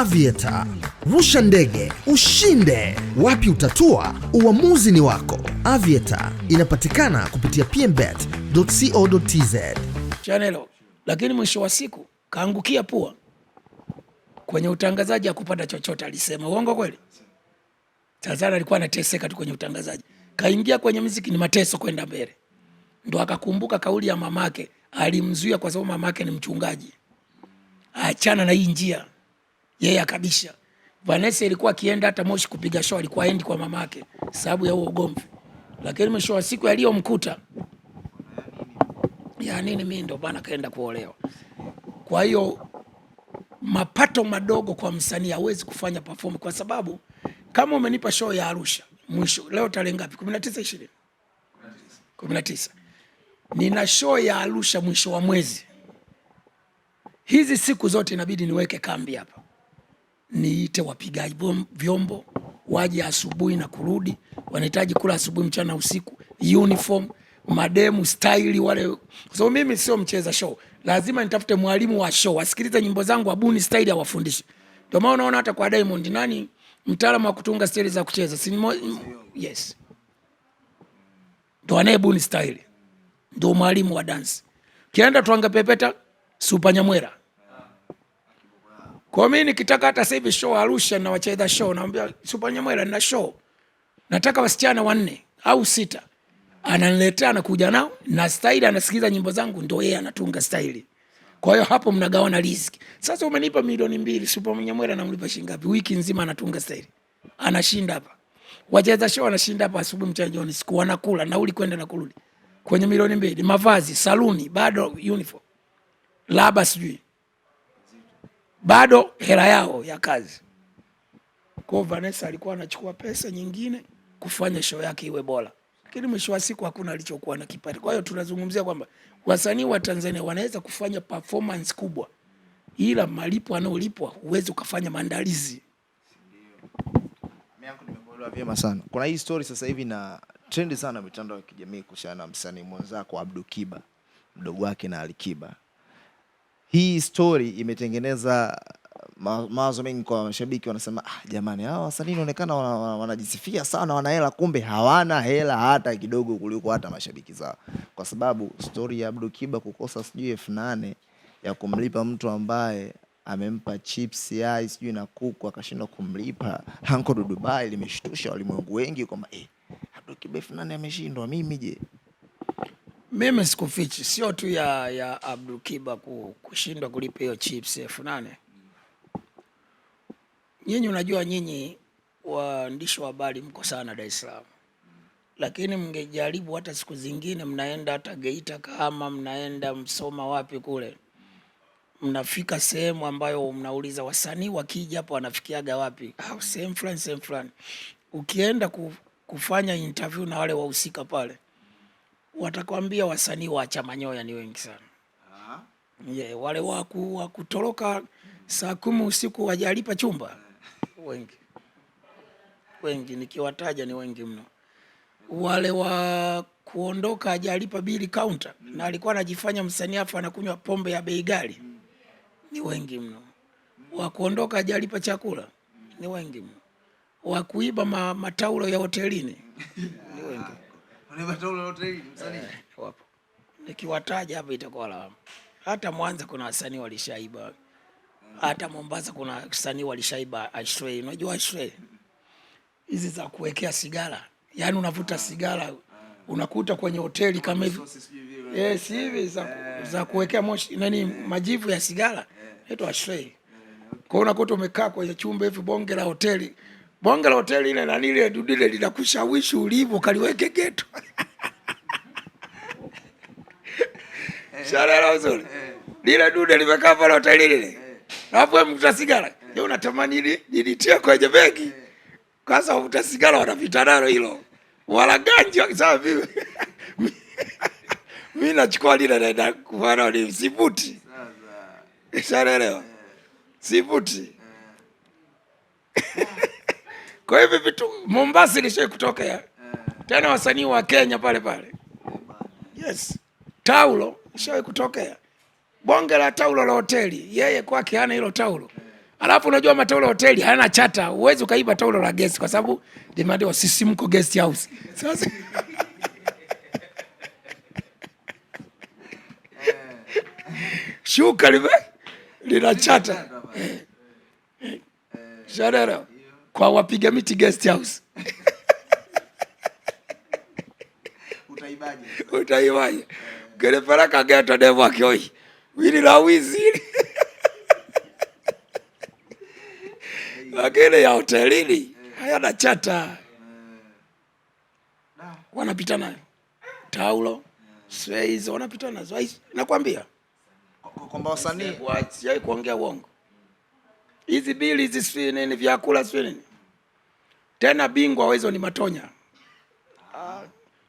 Aviator. Rusha ndege, ushinde. Wapi utatua? Uamuzi ni wako. Aviator inapatikana kupitia pmbet.co.tz. Chanelo, lakini mwisho wa siku kaangukia pua kwenye utangazaji, akupata chochote. Alisema uongo kweli? Tazara alikuwa anateseka tu kwenye utangazaji, kaingia kwenye mziki, ni mateso kwenda mbele. Ndo akakumbuka kauli ya mamake, alimzuia kwa sababu mamake ni mchungaji. Achana na hii njia yeye akabisha. Vanessa ilikuwa akienda hata Moshi kupiga show, alikuwa aendi kwa mamake sababu ya huo ugomvi, lakini mwisho wa siku aliyomkuta ya nini, mimi ndo bana kaenda kuolewa. Kwa hiyo mapato madogo kwa msanii hawezi kufanya perform, kwa sababu kama umenipa show ya Arusha mwisho leo tarehe ngapi? 19 20 19, nina show ya Arusha mwisho wa mwezi. Hizi siku zote inabidi niweke kambi hapa niite wapigaji vyombo waje asubuhi na kurudi, wanahitaji kula asubuhi, mchana, usiku, uniform mademu style wale, kwa sababu mimi sio mcheza show, lazima nitafute mwalimu wa show asikilize nyimbo zangu, abuni style, awafundishe. Ndio maana unaona hata kwa Diamond, nani mtaalamu wa kutunga style za kucheza? Si yes, ndo anayebuni style, ndo mwalimu wa dansi. Kienda twanga pepeta Nyamwera kwa mimi nikitaka hata sasa hivi show Arusha na wacheza show, naambia Super Nyamwera nina show. Nataka wasichana wanne au sita. Ananiletea na nao na style anasikiza nyimbo zangu ndio yeye anatunga style. Kwa hiyo hapo mnagawana riziki. Sasa umenipa milioni mbili, Super Nyamwera namlipa shilingi ngapi? Wiki nzima anatunga style. Anashinda hapa. Wacheza show anashinda hapa asubuhi, mchana, jioni, siku wanakula nauli kwenda na kurudi. Kwenye milioni mbili, mavazi, saluni, bado uniform. Laba sijui bado hela yao ya kazi. Kwa Vanessa alikuwa anachukua pesa nyingine kufanya show yake iwe bora, lakini mwisho wa siku hakuna alichokuwa na kipato. Kwa hiyo tunazungumzia kwamba wasanii wa Tanzania wanaweza kufanya performance kubwa, ila malipo anayolipwa huwezi ukafanya maandalizi. Vyema sana. Kuna hii story sasa hivi na trendi sana mitandao ya kijamii kuhusiana na msanii mwenzako Abdu Kiba, mdogo wake na Alikiba hii story imetengeneza uh, mawazo mengi kwa mashabiki, wanasema ah, jamani hawa wasanii inaonekana wanajisifia wana, wana sana wana hela, kumbe hawana hela hata kidogo kuliko hata mashabiki zao, kwa sababu story ya Abdul Kiba kukosa sijui elfu nane ya kumlipa mtu ambaye amempa chips yai sijui na kuku akashindwa kumlipa Anko Dubai limeshtusha walimwengu wengi kwamba eh, Abdul Kiba elfu nane ameshindwa, mimi je? Mimi sikufichi, sio tu ya, ya Kiba kushindwa kulipa hiyo chips elfu nane. Nyinyi unajua nyinyi waandishi wa habari mko sana Dar es Salaam, lakini mngejaribu hata siku zingine, mnaenda hata Geita, kama mnaenda Msoma, wapi kule, mnafika sehemu ambayo mnauliza wasanii wakija hapo wanafikiaga wapi, ah, sehemu fulani sehemu fulani, ukienda kufanya interview na wale wahusika pale watakwambia wasanii wa Chamanyoya ni wengi sana. Yeah, wale waku wa kutoroka saa kumi usiku wajalipa chumba wengi wengi, nikiwataja ni wengi mno. Wale wa kuondoka ajalipa bili kaunta mm. na alikuwa anajifanya msanii afu anakunywa pombe ya bei ghali mm. ni wengi mno. Wa kuondoka ajalipa chakula mm. ni wengi mno. Wa kuiba ma mataulo ya hotelini ni wengi Eh, Nikiwataja hapa itakuwa lawama. Hata Mwanza kuna wasanii walishaiba, hata Mombasa kuna wasanii walishaiba ashrei. Unajua ashrei hizi za kuwekea sigara, yaani unavuta sigara unakuta kwenye hoteli kama hivi yes, hivi za, eh. za kuwekea moshi nani, eh. majivu ya sigara, inaitwa ashrei. Kwa hiyo unakuta umekaa kwenye chumba hivi bonge la hoteli bonge la hoteli ile na nile dudile linakushawishi ulivyo kaliweke geto eh. shalala uzuri eh. lile dude limekaa pale hoteli lile eh. alafu wewe mkuta sigara je unatamani ili lilitie kwenye begi kwanza wavuta sigara wanapita nalo hilo Wala walaganji wakisema vipi Mimi nachukua lile naenda kufana ni sivuti shalelewa sivuti Kwa hivi vitu Mombasa ilishai kutokea eh. tena, wasanii wa Kenya pale pale, yes, taulo ishawai kutokea, bonge la taulo la hoteli, yeye kwake hana hilo taulo. Eh. Alafu unajua mataulo hoteli hana chata, huwezi ukaiba taulo la guest kwa sababu limeandikwa sisi mko guest house. Sasa eh. shuka lime lina chata sharera kwa wapiga miti guest house utaibaje? Utaibaje? gerefera devo akioi wili la wizi lakini ya hotelini hayana chata, wanapita nayo taulo sweizo, wanapita nazo nakwambia, kwamba wasanii waachai kuongea uongo hizi bili hizi si nini vyakula si nini tena. Bingwa wezo ni Matonya. Uh,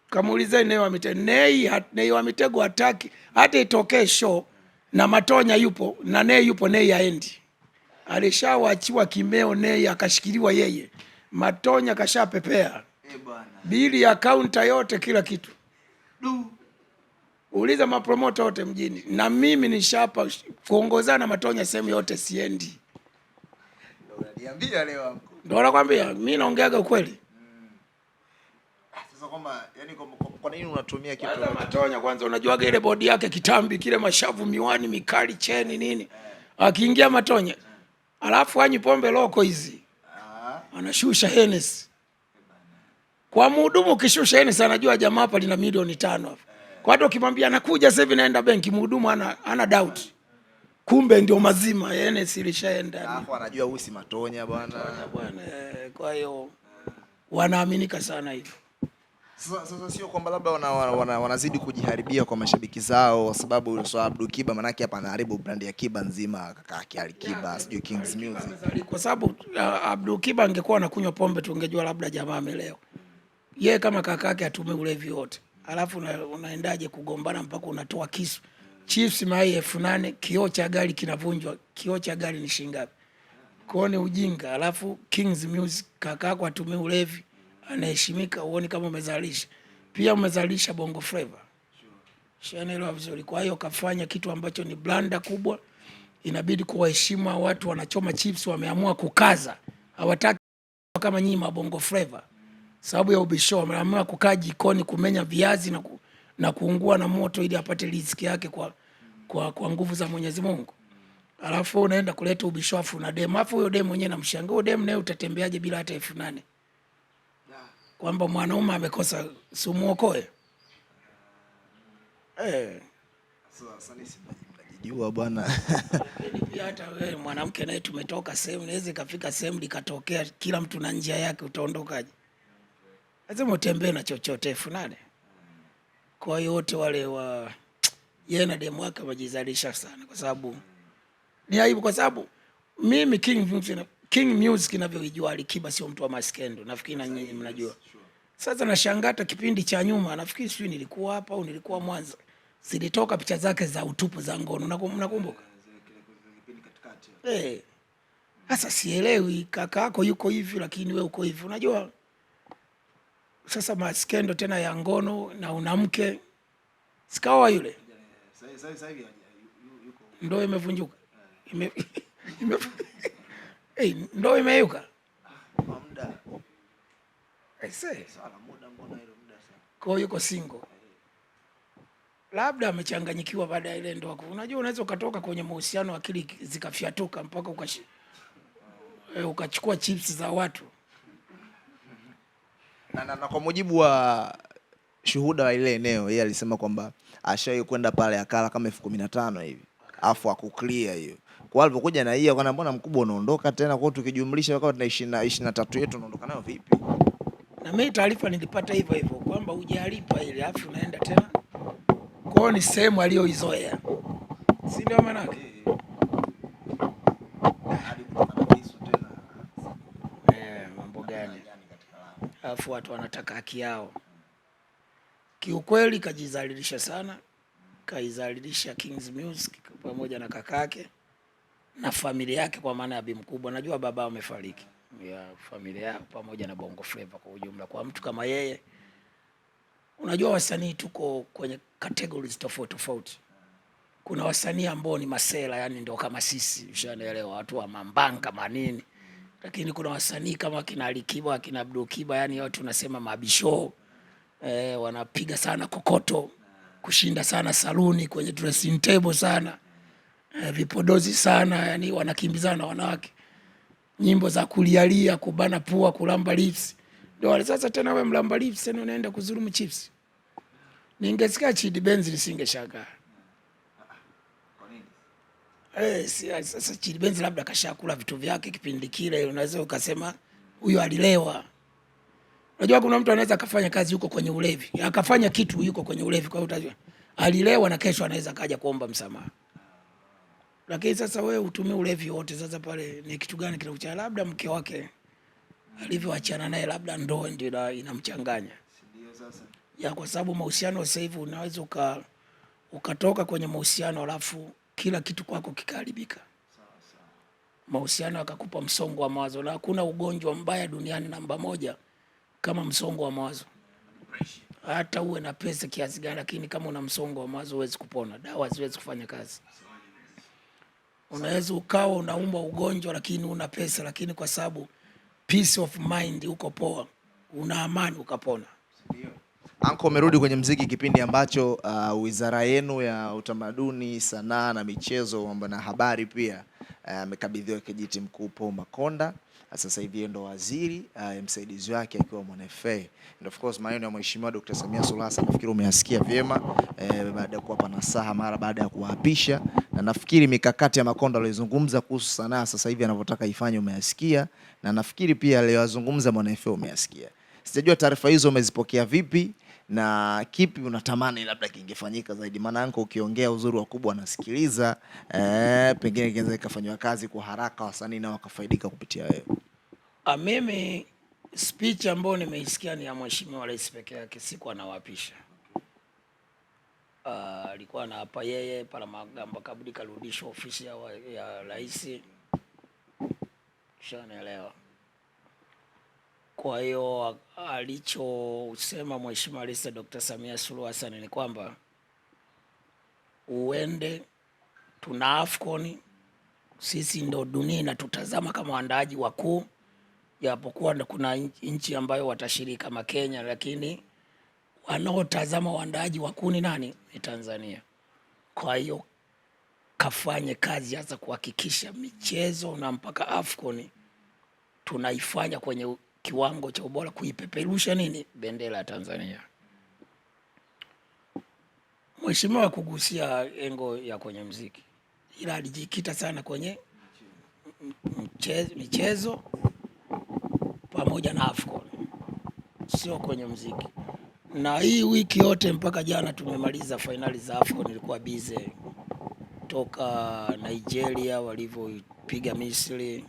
kamuulizeni Nei wa Mitego. Nei, Nei wa Mitego hataki hata itokee show na Matonya yupo na Nei yupo, Nei aendi. Alishawachiwa kimeo Nei akashikiliwa yeye, Matonya kashapepea eh, bili ya kaunta yote kila kitu du. Uliza mapromota yote mjini, na mimi nishapa kuongozana Matonya sehemu yote, siendi Unaniambia leo mkuu. Ndio nakwambia mimi naongeaga ukweli. Ah, sasa kwamba yani kwa nini unatumia kitu kama matonya kwanza unajuaga ile bodi yake kitambi kile mashavu miwani mikali cheni nini. Akiingia matonya. Alafu anyi pombe loko hizi. Ah. Anashusha Hennessy. Kwa mhudumu ukishusha Hennessy anajua jamaa hapa lina milioni tano hapa. Kwa hiyo ukimwambia anakuja sasa hivi naenda benki mhudumu ana ana doubt kumbe ndio mazima yene yaani silishaenda. Alafu anajua huyu si matonya bwana. Bwana eh, kwa hiyo wanaaminika sana hivyo. Sasa sasa sio kwamba labda wana, wana, wana wanazidi kujiharibia kwa mashabiki zao kwa sababu so Abdul Kiba manake hapa anaharibu brand ya Kiba nzima kaka yake Ali Kiba sijui Kings Music. Kwa sababu uh, Abdul Kiba angekuwa anakunywa pombe tungejua labda jamaa amelewa. Yeye kama kaka yake atume ulevi wote. Alafu una, unaendaje kugombana mpaka unatoa kisu? Chiefs mayai elfu nane kioo cha gari kinavunjwa. Kioo cha gari ni shilingi ngapi? Kuone ujinga. Alafu Kings Music kakako atumie ulevi, anaheshimika, uoni kama umezalisha. Pia umezalisha Bongo Flava, shanaelewa vizuri. Kwa hiyo kafanya kitu ambacho ni blanda kubwa, inabidi kuwaheshimu watu wanachoma chips, wameamua kukaza, hawataki kama nyinyi mabongo flava sababu ya ubisho, wameamua kukaa jikoni kumenya viazi na, ku, na kuungua na moto ili apate riziki yake kwa kwa, kwa nguvu za Mwenyezi Mungu. Alafu unaenda kuleta ubishofu na demu. Alafu huyo demu mwenyewe namshangaa, huyo demu naye utatembeaje bila hata elfu nane? Kwamba mwanaume amekosa sumuokoe. Eh. Jua bwana. Pia hata wewe mwanamke naye tumetoka sehemu, naweza ikafika sehemu likatokea kila mtu na njia yake, utaondokaje? Lazima utembee na chochote elfu nane. Kwa hiyo wote wale wa yeye na demu wake wajizalisha sana, kwa sababu ni aibu, kwa sababu mimi King, King Music inavyojua Alikiba sio mtu wa maskendo, nafikiri na nyinyi mnajua. Sasa nashangata kipindi cha nyuma, nafikiri sio, nilikuwa hapa au nilikuwa Mwanza, zilitoka picha zake za utupu za ngono, nakumbuka eh. Sasa sielewi, kaka yako yuko hivi, lakini we uko hivi, unajua sasa maskendo tena ya ngono na unamke sikawa yule ndoo imevunjuka, ah. imeyuka. Ah, kwa yuko singo eh. labda amechanganyikiwa baada ya ile ndoa. Unajua, unaweza ukatoka kwenye mahusiano akili zikafyatuka mpaka ukash... E, ukachukua chips za watu na, na, na kwa mujibu wa shuhuda wa ile eneo yeye alisema kwamba ashawahi kwenda pale akala kama elfu kumi na tano hivi afu akuklia hiyo kwa alivyokuja na hiyo kana mbona mkubwa unaondoka tena kwao, tukijumlisha kama tuna ishirini na tatu yetu unaondoka nayo vipi? Na mimi taarifa nilipata hivyo hivyo kwamba hujalipa ile afu unaenda tena kwao, ni sehemu aliyoizoea, si ndio maana yake eh, mambo gani? Afu watu wanataka haki yao. Kiukweli kajizalilisha sana, kaizalilisha Kings Music pamoja na kakake na familia yake, kwa maana ya bi mkubwa. Najua baba amefariki, ya familia yao pamoja na Bongo Flava kwa ujumla. Kwa mtu kama yeye, unajua wasanii tuko kwenye categories tofauti tofauti. Kuna wasanii ambao ni masela, yani ndio kama sisi, ushanaelewa, watu wa mambanga manini, lakini kuna wasanii kama kina Alikiba, kina Abdul Kiba, yani watu tunasema mabishoo e, wanapiga sana kokoto kushinda sana saluni kwenye dressing table sana e, vipodozi sana, yani wanakimbizana wanawake, nyimbo za kulialia, kubana pua, kulamba lips. Ndio sasa tena wewe mlamba lips ni unaenda kuzulumu chips. Ningesikia Chidi benzi nisingeshangaa. Eh, si, sasa Chidi Benz labda kashakula vitu vyake kipindi kile, unaweza ukasema huyo alilewa Unajua kuna mtu anaweza akafanya kazi yuko kwenye ulevi, akafanya kitu yuko kwenye ulevi, kwa hiyo utajua alilewa na kesho anaweza kaja kuomba msamaha. Lakini sasa wewe utumie ulevi wote, sasa pale ni kitu gani kinakuchana? Labda mke wake alivyoachana naye, labda ndoa ndio inamchanganya, ya, kwa sababu mahusiano sasa hivi unaweza uka, ukatoka kwenye mahusiano alafu kila kitu kwako kikaharibika mahusiano yakakupa msongo wa mawazo, na hakuna ugonjwa mbaya duniani namba moja kama msongo wa mawazo. Hata uwe na pesa kiasi gani, lakini kama una msongo wa mawazo huwezi kupona, dawa haziwezi kufanya kazi. Unaweza ukawa unaumba ugonjwa lakini una pesa, lakini kwa sababu peace of mind, uko poa, una amani, ukapona. Anko, umerudi kwenye mziki kipindi ambacho uh, wizara yenu ya utamaduni, sanaa na michezo na habari pia Eh, amekabidhiwa uh, kijiti mkuu Paul Makonda ah, sasa hivi ndo waziri uh, msaidizi wake akiwa MwanaFA. And of course maneno ya Mheshimiwa Dr. Samia Suluhu Hassan nafikiri umeasikia vyema eh, baada ya kuwapa nasaha mara baada ya kuwaapisha, na nafikiri mikakati ya Makonda aliyozungumza kuhusu sanaa sasa hivi anavyotaka ifanye umeasikia, na nafikiri pia aliyozungumza mwanafe umeasikia. Sijajua taarifa hizo umezipokea vipi? na kipi unatamani labda kingefanyika zaidi? Maana yanko ukiongea uzuri wakubwa anasikiliza, eh, pengine kinaweza ikafanywa kazi kwa haraka, wasanii nao wakafaidika kupitia wewe. Ah, mimi speech ambayo nimeisikia ni ya Mheshimiwa Rais peke yake, siku anawapisha ah, alikuwa uh, anaapa yeye magamba Kabudi karudishwa ofisi ya, ya rais. Ushanielewa? Kwa hiyo alichosema Mheshimiwa Rais Dr. Samia Suluhu Hassan ni kwamba uende, tuna AFCON, sisi ndo dunia inatutazama kama waandaaji wakuu, japokuwa kuna nchi ambayo watashiriki kama Kenya, lakini wanaotazama waandaaji wakuu ni nani? Ni Tanzania. Kwa hiyo kafanye kazi hasa kuhakikisha michezo na mpaka AFCON tunaifanya kwenye kiwango cha ubora kuipeperusha nini bendera ya Tanzania. Mheshimiwa kugusia engo ya kwenye mziki, ila alijikita sana kwenye mchezo, michezo pamoja na Afcon, sio kwenye mziki. Na hii wiki yote mpaka jana tumemaliza fainali za Afcon, ilikuwa bize toka Nigeria walivyopiga Misri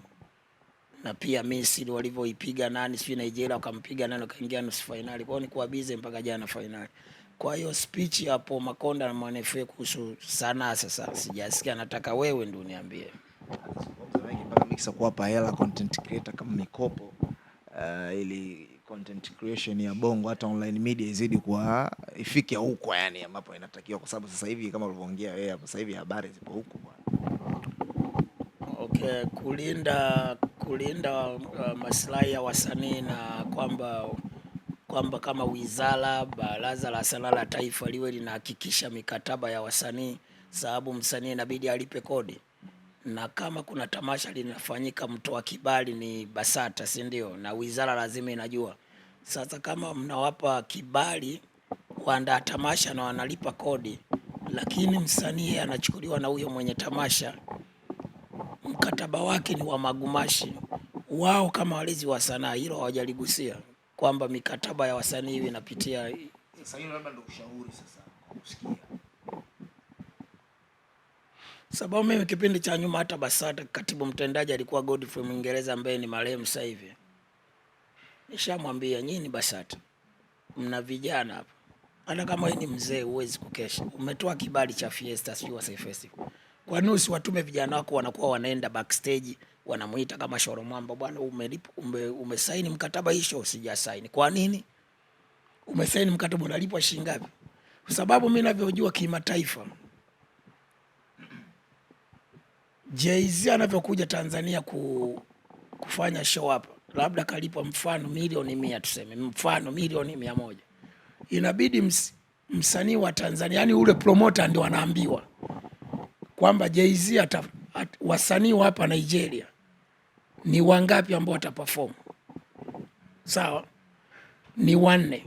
na pia Messi Misri walivyoipiga nani sio Nigeria wakampiga nani wakaingia nusu finali. Kwao nikuwa bize mpaka jana finali. Kwa hiyo speech hapo Makonda na Mwanefe kuhusu sana sasa sijasikia, nataka wewe ndio uniambie kuwapa hela content creator kama mikopo uh, ili content creation ya bongo hata online media izidi kuwa ifike huko yani ambapo inatakiwa, kwa sababu sasa hivi kama ulivyoongea wewe hapo, sasa hivi habari zipo huko bwana. Okay, kulinda kulinda uh, maslahi ya wasanii na kwamba kwamba kama wizara, Baraza la Sanaa la Taifa liwe linahakikisha mikataba ya wasanii, sababu msanii inabidi alipe kodi, na kama kuna tamasha linafanyika, mtoa kibali ni BASATA, si ndio? Na wizara lazima inajua. Sasa kama mnawapa kibali waandaa tamasha na wanalipa kodi, lakini msanii anachukuliwa na huyo mwenye tamasha mkataba wake ni wa magumashi. Wao kama walezi wa sanaa hilo hawajaligusia kwamba mikataba ya wasanii hiyo inapitia. Sasa hilo labda ndio ushauri sasa kusikia, sababu mimi kipindi cha nyuma hata BASATA katibu mtendaji alikuwa Godfrey Mwingereza ambaye ni marehemu sasa hivi. Nishamwambia nyinyi BASATA mna vijana hapa, hata kama wewe ni mzee huwezi kukesha, umetoa kibali cha Fiesta sio Festival wanusi watume vijana wako, wanakuwa wanaenda backstage wanamuita kama Shoro Mwamba, bwana umesaini ume, umesaini mkataba hii show? Sijasaini. Kwa nini? Umesaini mkataba unalipwa shilingi ngapi? Kwa sababu mimi ninavyojua kimataifa, Jay-Z anavyokuja Tanzania ku, kufanya show hapa, labda kalipwa mfano milioni mia, tuseme mfano milioni mia moja, inabidi ms, msanii wa Tanzania yani ule promoter ndio anaambiwa kwamba Jay-Z ata wasanii wa hapa Nigeria ni wangapi ambao wataperform? Sawa, ni wanne.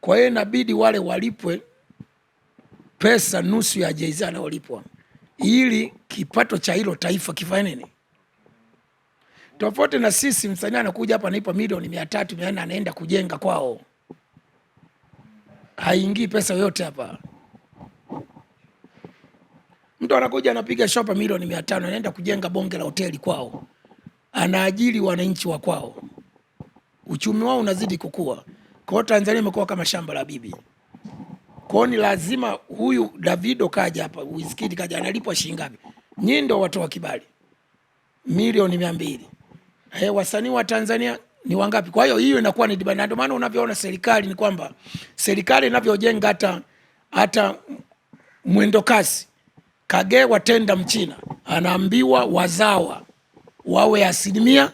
Kwa hiyo inabidi wale walipwe pesa nusu ya Jay-Z anaolipwa, ili kipato cha hilo taifa kifanye nini? Tofauti na sisi, msanii anakuja hapa anaipa milioni mia tatu mia nne anaenda kujenga kwao, haingii pesa yoyote hapa mtu anakuja anapiga shopa milioni mia tano anaenda kujenga bonge la hoteli kwao, anaajiri wananchi wa kwao, uchumi wao unazidi kukua. Kwa hiyo Tanzania imekuwa kama shamba la bibi. Kwa hiyo ni lazima huyu Davido kaja hapa, Wizkid kaja, analipwa shilingi ngapi? Nyinyi ndio watoa kibali, milioni mia mbili. Eh, wasanii wa Tanzania ni wangapi? Kwa hiyo hiyo inakuwa ni dibana. Ndio maana unavyoona serikali ni kwamba serikali inavyojenga hata hata mwendo kasi kage Tenda Mchina anaambiwa wazawa wawe asilimia,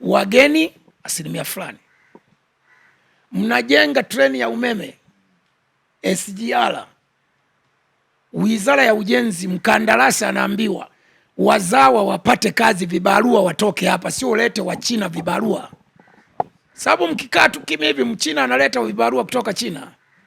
wageni asilimia fulani. Mnajenga treni ya umeme SGR, wizara ya ujenzi, mkandarasi anaambiwa wazawa wapate kazi, vibarua watoke hapa, sio ulete wachina vibarua, sababu mkikaa tu kimya hivi mchina analeta vibarua kutoka China.